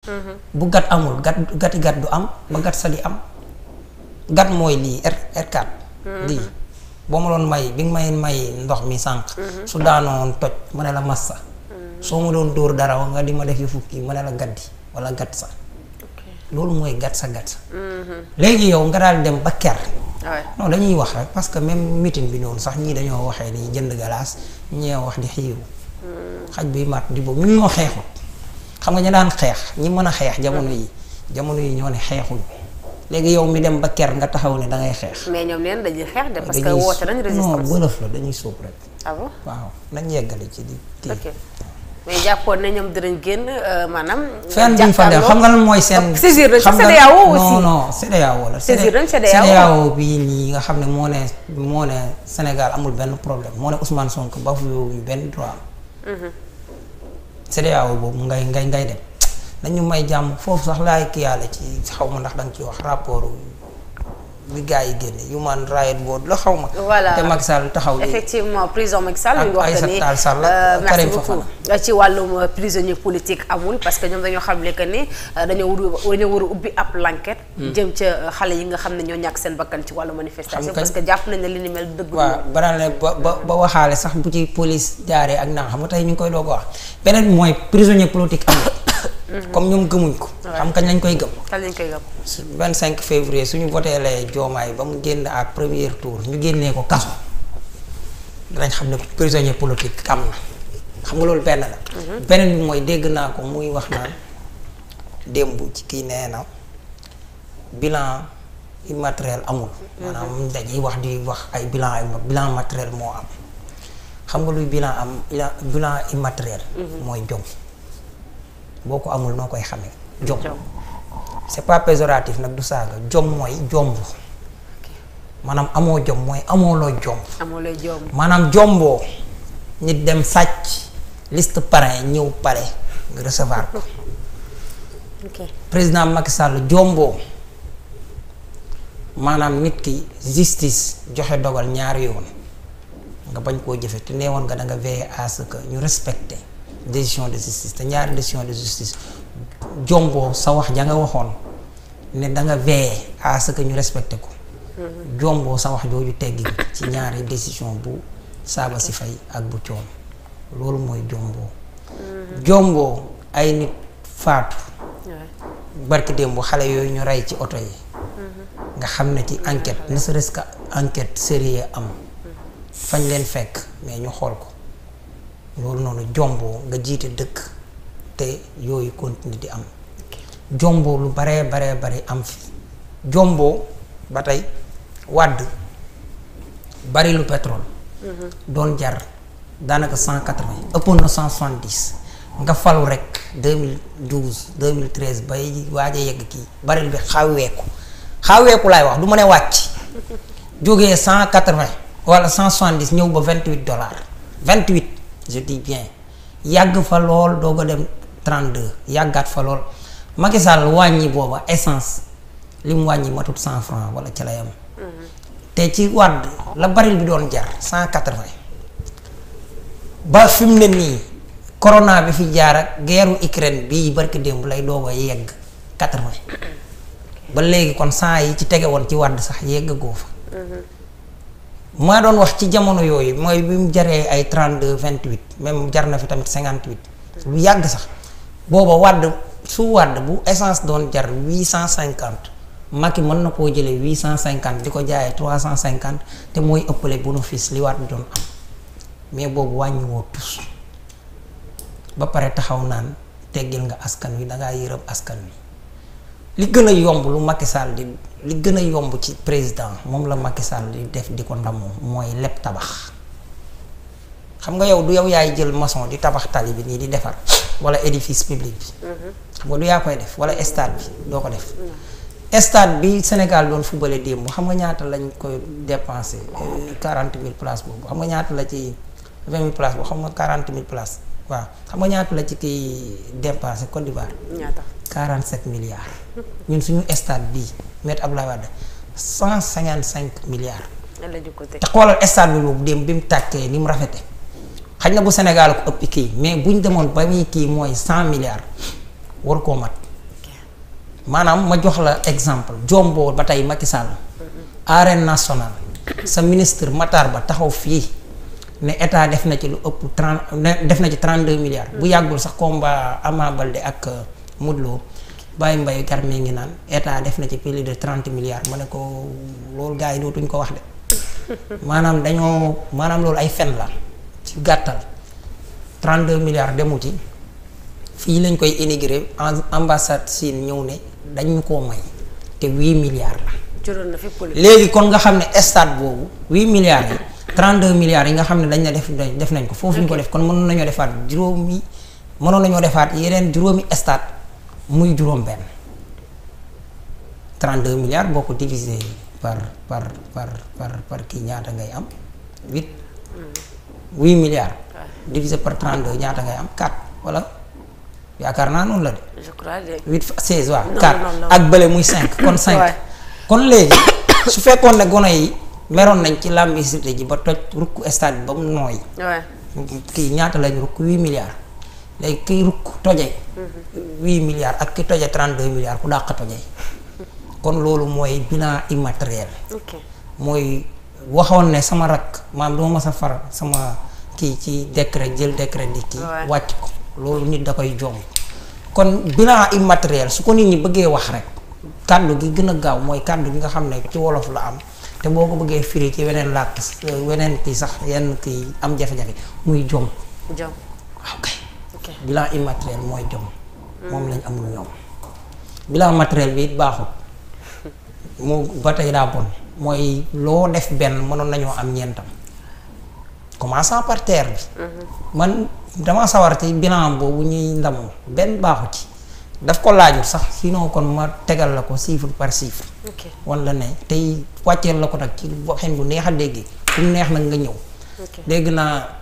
Mm-hmm. bu gat amul gat gati gat du am ba gat sali am gat mooy lii R R4 mm-hmm. lii boo ma doon may bi nga may may ndox mi sànq mm-hmm. su daanoon toj ma ne la massa soo ma doon dóor dara nga di ma def fukki ma ne la di wala gat sa loolu mooy gat sa gat léegi yow nga daal dem ba ker non dañuy wax rek parce que même meeting bi noonu sax ñii dañoo waxee nii jënd galaas ñee wax di xiiw mm. xaj bi mat di boobu ñun ñoo xeexut xam nga ñu daan xeex ñi mën a xeex jamono yi jamono yi ñoo ne xeexuñu léegi yow mi dem ba ker nga taxaw ne da ngay xeex. mais ñoom leen dañuy xeex de parce que woote nañu résistance non bëlëf dañuy sóob rek. ah bon waaw nañ yeggale ci di jàppoon ne ñoom dinañ génn euh, maanaam. fenn duñ fa dem xam nga lan mooy seen. saisir nañ ci CEDEAO aussi non non CEDEAO la. saisir bii nii nga xam ne moo ne moo ne Sénégal amul benn problème moo ne Ousmane Sonko ba fu benn droit CEDEAO boobu ngay ngay ngay dem nañu may jàmm foofu sax laay kiyaale ci xaw ma ndax da nga ciy wax rapport bi gars yi génne human rights board la xaw ma. voilà te Macky Sall taxaw léegi effectivement président Macky Sall. ñu wax ni euh, merci beaucoup ci wàllum euh, prisonnier politique amul parce que ñoom dañoo xamle que ni euh, dañoo war dañoo war a ubbi ab l'enquête. Hmm. jëm ca xale yi nga xam ne ñoo ñàkk seen bakkan ci wàllu manifestation. parce que jàpp nañ ne li ni mel dëgg. waaw ba ba ba waxaale sax bu ci police jaaree ak naa xam nga tey ñu ngi koy doog a wax beneen mooy prisonnier politique amul. Mhm. comme ñoom gëmuñ ko. xam kañ lañ koy gëm. kañ lañ koy gëm. 25 février suñu voté lee Diomaye ba mu génn à premier tour ñu génnee ko kaso danañ xam ne prisonnier politique am na xam nga loolu benn la. Mhm. beneen bi mooy dégg naa ko muy wax naan démb ci kii nee na bilan immatériel amul. Mhm. maanaam dañuy wax di wax ay bilan ay bilan matériel moo am xam nga luy bilan am bilan immatériel. mooy jom. boo ko amul noo koy xamee jom c'est pas péjoratif nag du saaga jom mooy jomb maanaam amoo jom mooy amoo looy jomb maanaam jomboo nit dem sàcc liste parrain ñëw pare nga recevoir ko président Macky Sall jomboo maanaam nit ki justice joxe dogal ñaari yoon nga bañ koo jëfe te nee woon nga da nga veiller à ñu respecte décision de justice te ñaari décision de justice jomboo sa wax ja nga waxoon ne da nga veiller à ce ñu respecté ko mhm. jomboo sa wax jooju teggi ci ñaari décision bu saaba si fay ak bu coom loolu mooy jomboo mhm. jomboo ay nit faatu barki démb bu xale yooyu ñu rey ci oto yi mhm. nga xam ne ci enquête ne serait-ce enquête sérieuse am fañ leen fekk mais ñu xool ko loolu noonu jomboo nga jiite dëkk te yooyu continue di am jomboo lu baree baree bare am fi jomboo ba tey wàdd bari lu pétrole mhm. doon jar daanaka cent quatre-vingt ëppoon na cent dix nga falu rek 2012 2013 bay waaj a yegg kii baril bi xaweeku xaweeku laay wax du ma ne wàcc jógee 180 wala 170 ñëw ba 28 dollars 28 je dis yàgg fa lool doo ko dem 32 yàggaat fa lool Macky wàññi booba essence li mu wàññi matut cent francs wala ci lay am. Mhm. te ci wàdd la baril bi doon jar cent 180. ba fi mu ne nii corona bi fi jaar ak guerru Ukraine bii barki démb lay doog a yegg 80 ba léegi kon 100 yi ci tege woon ci wàdd sax yegg goo maa doon wax ci jamono yooyu mooy bi mu jaree ay trente deux vingt huit même jar na fi tamit cinquante huit lu yàgg sax booba wàdd su wàdd bu essence doon jar huit cent cinquante Macky mën na koo jëlee huit cent cinquante di ko jaayee trois cent cinquante te mooy ëppale bénéfice li wàdd doon am mais boobu wàññiwoo tus ba pare taxaw naan teggil nga askan wi dangaa yërëm askan wi li gën a yomb lu Macky Sall di li gën a yomb ci président moom la Macky Sall di def di ko ndamoo mooy leb tabax xam nga yow du yow yaay jël maçon di tabax tali bi nii di defar wala édifice public bi. Mhm. xam nga du def wala stade bi doo ko def. Mhm. stade bi Sénégal doon footballé démb xam nga ñaata lañ koy dépensé euh, quarante mille places boobu xam nga ñaata la ci vingt mille places xam nga quarante mille places waaw xam nga ñaata la ci kiy dépensé Côte d'Ivoire. 47 milliards ñun suñu stade bii maître cent cinquante cinq milliards. te xoolal stade bi boobu dem bi mu tàkkee ni mu rafete xaj na bu Sénégal ko ëpp kii mais buñ demoon ba muy kii mooy cent milliards war koo mat maanaam ma jox la exemple jombo ba tey Macky Sall. nationale. sa ministre Matar Ba taxaw fii. ne état def na ci lu ëpp trente def na ci trente deux milliards. bu yàggul sax combat Ama Baldé ak. Modou Lo bàyyi mbay garmee ngi naan état def na ci plus de trente milliards ma ne ko loolu gars yi dootuñ ko wax de maanaam dañoo maanaam loolu ay fen la ci gàttal trente deux milliards demu ci fii lañ koy intégré ambassade Chine ñëw ne dañu ko may te huit milliards la. na fi léegi kon nga xam ne stade boobu huit milliards yi. 32 milliards yi nga xam ne dañ na def def nañ ko foofu ñu ko def kon mënoon nañoo defaat juróomi mënoon nañoo defaat yeneen juróomi stade. muy juróom benn 32 milliards boo ko divisé par par par par par kii ñaata ngay am 8 8 milliards divisé par 32 ñaata ngay am 4 wala yaakaar naa noonu la de. je crois de. 8 ak bële muy 5 kon 5 kon léegi su fekkoon ne gone yi meroon nañ ci làmbi cité ji ba toj rukk stade bi ba mu nooy. kii ñaata lañ rukk 8 milliards. léegi kiy rukk toje. 8 mm-hmm. milliards ak ki toje 32 milliards ku dàq toje. kon loolu mooy bilan immatériel. ok mooy waxoon ne sama rak maam duma mas far sama kii ci décret jël décret di kii. wàcc ko loolu nit da koy joom kon bilan immatériel su ko nit ñi bëggee wax rek. kàddu gi gën a gaaw mooy kàddu gi nga xam ne ci wolof la am. te boo ko bëggee firi ci weneen làkk euh, weneen kii sax yenn kii am jafe-jafe muy jom. bilan immatériel mooy jom. moom lañ amul ñoom. bilan matriel bi it baaxul. mu ba tey daa bon mooy loo def benn mënoon nañoo am ñeentam. commençant par bi. Mhm. man dama sawar ci bilan boobu ñuy ndamoo benn baaxu ci. daf ko laajul sax sinon kon ma tegal la ko chiffre par chiffre. ok ne tey wàcceel la ko nag ci waxin bu neex a dégg. bu neex nag nga ñëw. dégg naa.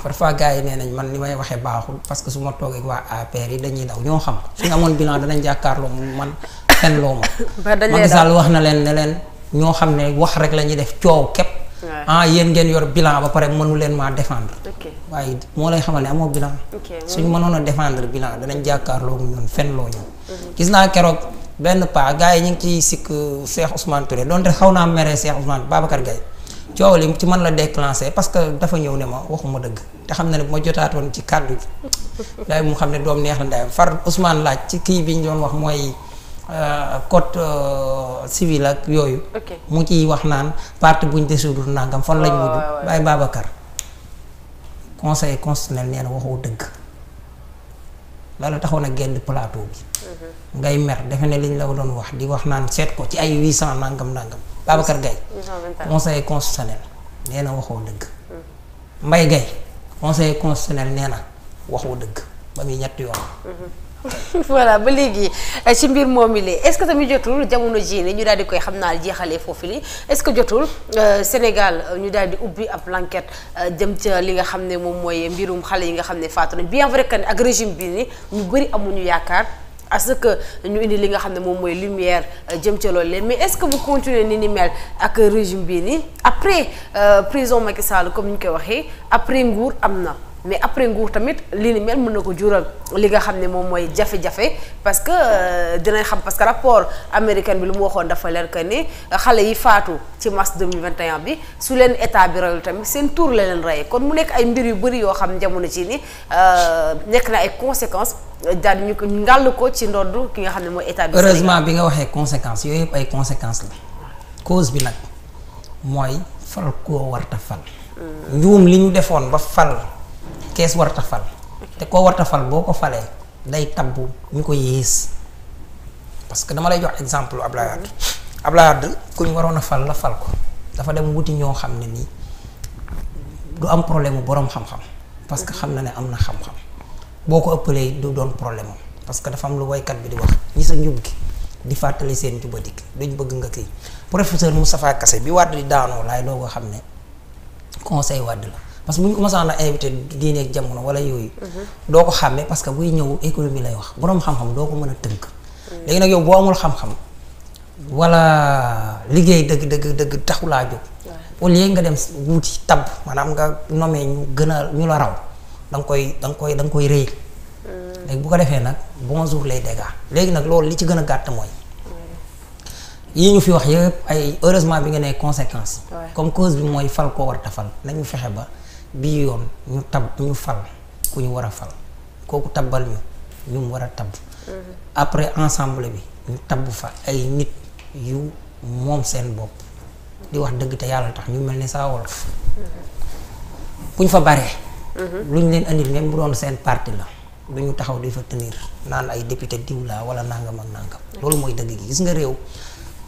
parfois gars yi nee nañ man li may waxee baaxul parce que su ma toogee waa APR yi dañuy daw ñoo xam suñu amoon bilan danañ jàkkaarloo man fen loo ma Macky wax na leen ne leen ñoo xam ne wax rek la ñuy def coow képp ah yéen ngeen yor bilan ba pare mënu leen maa défendre waaye moo lay xamal ne amoo bilan suñ mënoon defendre défendre bilan danañ jàkkaarloo ñun fen loo ñu mhm. gis naa keroog benn paa gars yi ñu ngi ciy sikk Cheikh Ousmane Touré donte xaw naa mere Cheikh Ousmane Babacar Gaye coow li ci man la déclenché parce que dafa ñëw ne ma waxuma dëgg te xam na ne bu ma jotaatoon ci kàddu gi day mu xam ne doom neex na ndayam far Ousmane laaj ci kii bi ñu doon wax mooy euh, code euh, civil ak yooyu mu ciy wax naan parti buñ décidul nangam fan lañu mujj Baye Babacar conseil constitutionnel neen na dëgg lala taxoon a génn plateau bi. Mhm. ngay mer defe ne liñ la doon wax di wax naan seet ko ci ay huit cent nangam nangam. Babacar Gaye conseil constitutionnel nee na waxoo dëgg. Mhm. mbay Gaye conseil constitutionnel nee na waxoo dëgg ba muy ñetti yoon. Mhm. voilà ba léegi eh, ci mbir moomi lee est-ce que mi jotul jamono jii ñu daal di koy xam naa jeexalee foofu li est-ce que jotul euh, Sénégal euh, ñu daal di ubbi ab l'enquête euh, jëm ca li nga xam ne moom mooy mbirum xale yi nga xam ne faatu nañ bien vrai que ni ak régime ni ñu bëri amuñu yaakaar à ce que indi li nga xam ne moom mooy lumière jëm ca loolu leen mais est-ce que bu continuer ni ni mel ak régime bii ni après prison Macky Sall comme ni ñu koy waxee après nguur am na mais après nguur tamit li ni mel mën na ko jural li nga xam ne moom mooy jafe-jafe parce que euh, dinañ xam parce que rapport américain bi lu mu waxoon dafa leer que ni xale yi faatu ci mars 2021 bi su leen état bi rayul tamit seen tour la leen rayee kon mu nekk ay mbir yu bëri yoo xam jamono ci ni euh, nekk na ay conséquences euh, daal di ñu ko ngàll ko ci ndodd ki nga xam ne mooy état bi. heureusement bi nga waxee conséquences yooyu yëpp ay conséquence la cause bi nag mooy fal koo warta fal. Hmm. njuum li ñu defoon ba fal. kees warta fal te koo warta fal boo ko falee day tabbu ñu ko yées parce que dama lay jox exemple Ablaye Wade Ablaye Wade ku ñu waroon a fal la fal ko dafa dem wuti ñoo xam ne nii du am problème mu boroom xam-xam parce que xam na ne am na xam-xam boo ko ëppalee du doon problème am parce que dafa am lu woykat bi di wax ñi sa njub gi di fàttali seen njubadik duñ bëgg nga kii professeur Moustapha Kassé bi Wade di daanoo laay doo ko xam ne conseil Wade la parce que bu ñu ko masaan a invité diine ak jamono wala yooyu. Mhm. doo ko xàmme parce que buy ñëw économie lay wax borom xam-xam doo ko mën a tënk. léegi nag yow boo amul xam-xam. wala liggéey dëgg dëgg dëgg taxulaa jóg. au lieu nga dem wuuti tab maanaam nga nomee ñu gën a ñu la raw da koy da koy da nga koy réy mm. léegi bu ko defee nag bonjour lay dégâts léegi nag loolu li ci gën a gàtt mooy. yi ñu fi wax yëpp ay heureusement bi nga ne conséquence. comme cause bii yoon ñu tab ñu fal ku ñu war a fal kooku tabbal ñu ñu mu war a tab mm-hmm. après ensemble bi ñu tabb fa ay nit yu moom seen bopp di wax dëgg te yàlla tax ñu mel ni saa wolof bu mm-hmm. ñu fa baree mm-hmm. lu ñu leen andil même bu doon seen parti la lu ñu taxaw di fa tenir naan ay député diw laa wala nangam ak nangam loolu mooy dëgg gi gis nga réew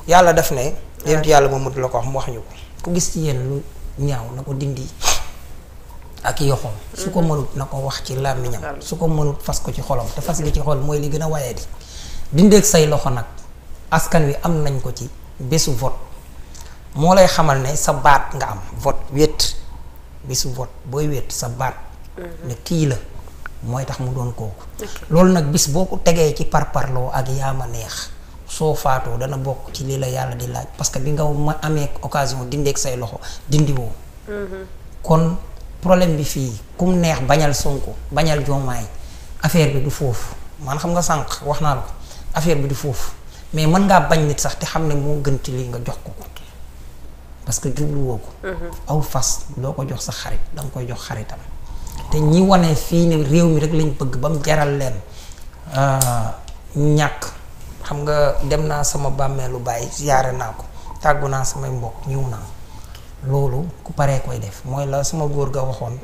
yàlla def ne yéen yàlla moom la ko wax mu wax ñu ko ku gis ci yéen lu ñaaw na ko dindi ak yoxoom su ko mënut na ko wax ci làmmiñam su ko mënut fas ko ci xolam te fas gi ci xol mooy li gën a waaye di dindeeg say loxo nag askan wi am nañ ko ci bésu vote moo lay xamal ne sa baat nga am vote wét bésu vote booy wét sa baat mm-hmm. ne kii la mooy tax mu doon kooku loolu nag bis boo ko tegee ci parparloo ak ma neex soo faatoo dana bokk ci lii la yàlla di laaj parce que bi nga ma amee occasion dindeeg say loxo dindiwoo mm-hmm. kon problème bi fii ku mu neex bañal Sonko bañal Diomaye affaire bi du foofu man xam nga sànq wax naa la ko affaire bi du foofu mais mën ngaa bañ nit sax te xam ne moo gën ci lii nga jox ko ko parce que jubluwoo ko. Mhm. aw fas doo ko jox sa xarit da koy jox xaritam. te ñi wane fii ne réew mi rek lañ bëgg ba mu jaral leen euh, ñàkk xam nga dem naa sama bàmmeelu bàyyi ziyaare naa ko tàggu naa samay mbokk ñëw naa. loolu ku paree koy def mooy la suma góor ga waxoon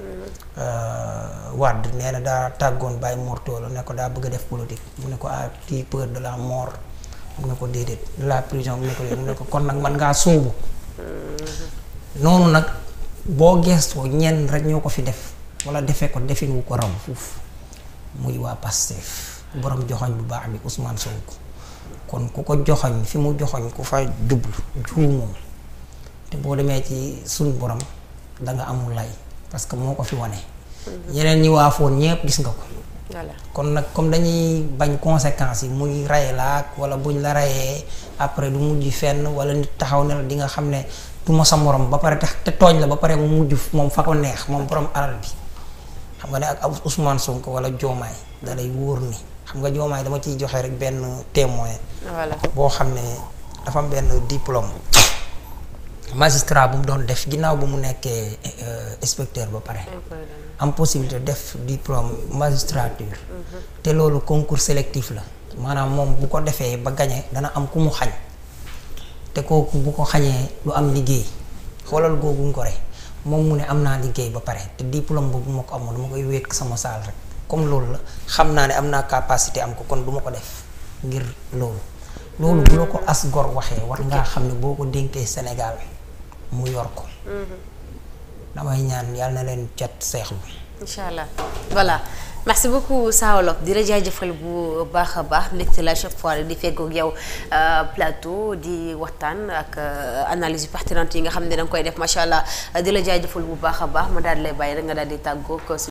euh, Wade nee na daa tàggoon bàyyi Mor Talla nekk ko daa bëgg a def politique mu ne ko ah tu peur de la mort mu ne ko déedéet la prison mu ne ko déedéet mu ne ko kon nag man ngaa sóobu noonu nag boo gestoo ñenn rek ñoo ko fi def wala defee ko defin wu ko raw fuuf muy waa Pastef borom joxoñ bu baax bi Ousmane Sonko kon ku ko joxoñ fi mu joxoñ ku fa jublu juumoo te boo demee ci suñ borom da nga amul lay parce que moo ko fi wane. ñeneen mhm. ñi waafoon ñëpp gis nga ko. kon nag comme dañuy bañ conséquences yi muy rey la ak wala buñ la rayee après du mujj fenn wala nit taxaw ne di nga xam ne du ma sa morom ba pare tax te tooñ la ba pare mu mujj moom fa ko neex moom borom alal bi. xam nga ne ak Ousmane Sonko wala Diomaye da lay wóor ni xam nga Diomaye dama ciy joxe rek benn témoin. boo xam ne dafa am benn diplôme. magistrat bu mu doon def ginnaaw bu mu nekkee euh, inspecteur ba pare am possibilité def diplôme magistrature mhm. te loolu concours sélectif la maanaam moom bu ko defee ba gañee dana am ku mu xañ te kooku bu ko xañee lu am liggéey xoolal googu ngore moom mu ne am naa liggéey ba pare te diplôme boobu ma ko amoon ma koy wékk sama saal rek comme loolu la xam naa ne am naa capacité am ko kon du ma ko def ngir loolu loolu bu la ko as gor waxee war ngaa xam ne boo ko dénkee Sénégal mu yor ko. Mm-hmm. damay ñaan yàlla na leen cat seexlu. incha allah voilà merci beaucoup Sawalo di la jaajëfal bu baax a baax mbégte la chaque fois di feggoog yow euh, plateau di waxtaan ak euh, analyse yu pertinente yi nga xam ne da koy def macha allah di la jaajëfal bu baax a baax ma daal di lay bàyyi rek nga daal di tàggoog.